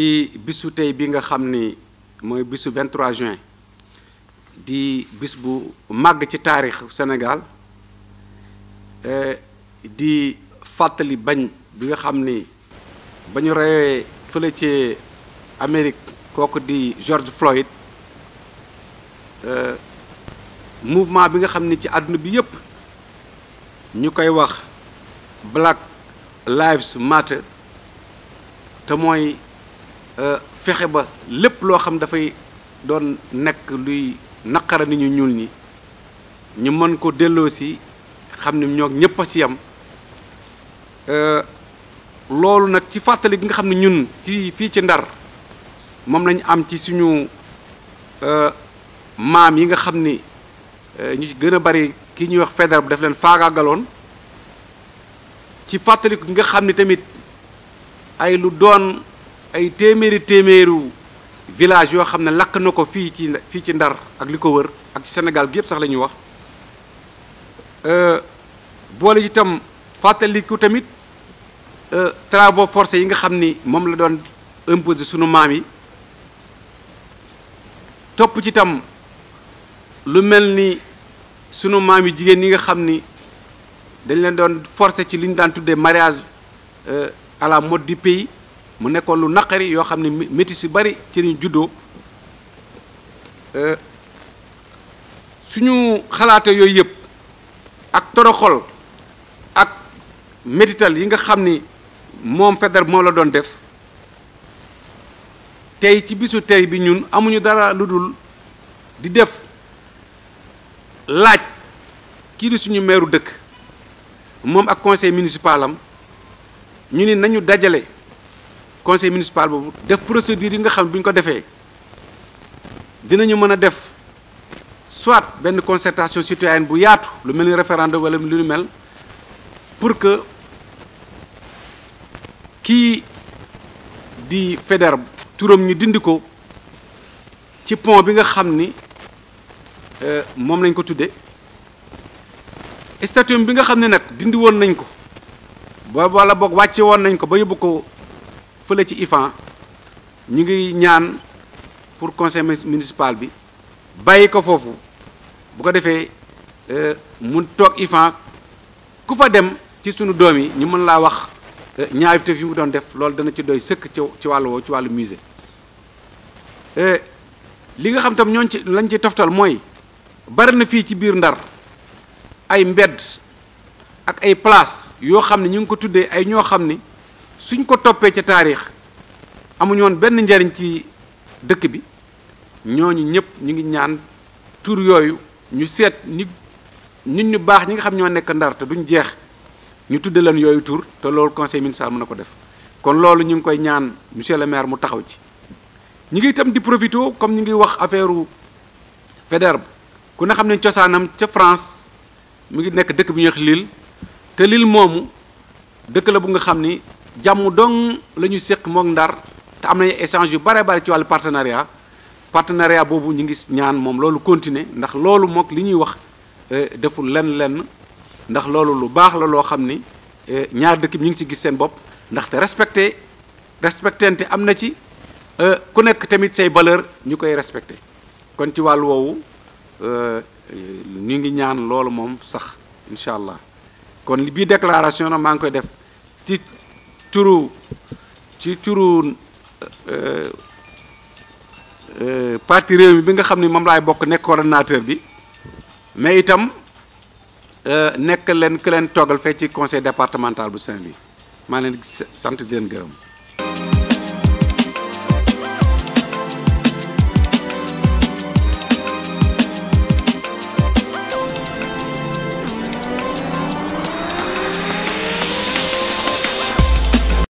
ci bisu tey bi nga xam ni mooy bisu 23 juin di bis bu màgg ci taarix Sénégal eh, di fàttali bañ bi nga xam ni ba ñu reyee fële ci amerique kooku di George Floyd eh, mouvement bi nga xam ni ci àdduna bi yépp ñu koy wax Black Lives Matter te mooy Euh, fexé ba lepp lo xam fay doon nekk luy nakara ni ñu ñul ni ñu mën ko delloo ci xam ni ñok ñepp ci yam euh, loolu nak ci fatali gi nga xam ni ñun ci fi ci ndar mom lañ am ci suñu euh, maam yi nga xam ni ñu ci gëna a bari ki ñuy wax fédéral daf leen galon ci fatali gi nga xam ni tamit ay lu doon ay téeméeri téeméeri village yoo xam ne lakk na ko fii ci fii ci Ndar ak li ko wër ak Sénégal gi yëpp sax la ñuy wax euh, boole itam fàttaliku tamit euh, travaux force yi nga xam ni moom la doon imposé sunu maam yi topp ci tam lu mel ni sunu maam yi jigéen ñi nga xam ni dañ leen doon forcé ci li ñu daan tuddee mariage euh, à la mode du pays mu nekkoon lu naqari yoo xam ne métis yu bari ci ñu juddoo euh, suñu xalaate yooyu yëpp ak toroxol ak métital yi nga xam ni moom feder moo la doon def tey ci bisu tey bi ñun amuñu dara lu dul di def laaj kii di suñu meeru dëkk moom ak conseil municipal am ñu ni nañu dajale conseil municipal boobu def procédure yi nga xam ne bu ñu ko defee dinañu mën a def soit benn concertation citoyenne bu yaatu lu mel ni référendum wala lu ñu mel pour que kii di fédère turam ñu dindi ko ci pont bi nga xam ni euh, moom lañ ko tudde statut bi nga xam ne nag dindi woon nañ ko ba wala boog wàcce woon nañ ko ba yóbbu ko fële ci IFAN ñu ngi ñaan pour conseil municipal bi bàyyi ko foofu bu ko defee euh, mu toog IFAN ku fa dem ci sunu doom yi ñu mën laa wax euh, ñaawte fi mu doon def loolu dana ci doy sëkk ci ci wàllu woowu ci wàllu musée euh, li nga xam tam ñooñ ci lañ ci toftal mooy bari na fii ci biir Ndar ay mbedd ak ay place yoo xam ne ñu ngi ko tuddee ay ñoo xam ni suñ ko toppee ca taarix amuñu woon benn njariñ ci dëkk bi ñooñu ñëpp ñu ngi ñaan tur yoyu ñu sét ni nit ñu baax ñi nga xam ñoo nekk ndar te duñ jeex ñu tudde lan yoyu tur te loolu conseil municipal mëna ko def kon loolu ñu ngi koy ñaan monsieur le maire mu taxaw ci ñi ngi tam di profito comme ñi ngi wax affaireu feder ku na xam ne France mu ngi nekk dëkk bi ñu xlil te lil moomu dëkk la bu nga xam jàmm dong la ñu séq mook ndar te am nañu échange yu bare bare ci wàllu partenariat partenariat boobu ñu ngi ñaan moom loolu continuer ndax loolu mook li ñuy wax euh, deful lenn lenn ndax loolu lu baax la loo xam ni euh, ñaari dëkk bi ñu ngi si gis seen bopp ndaxte respecté respectante am na ci euh, ku nekk tamit say valeur ñu koy respecté kon ci wàll woowu ñu ngi ñaan loolu moom sax incha allah kon li bii déclaration na maa ngi koy def turu ci turu eh, eh, parti réew mi bi nga xam ni moom laay bokk nekk coordonnateur bi mais itam eh, nekk leen ku leen toggal fee ci conseil départemental bu Saint-Louis maa leen sant di leen gërëm.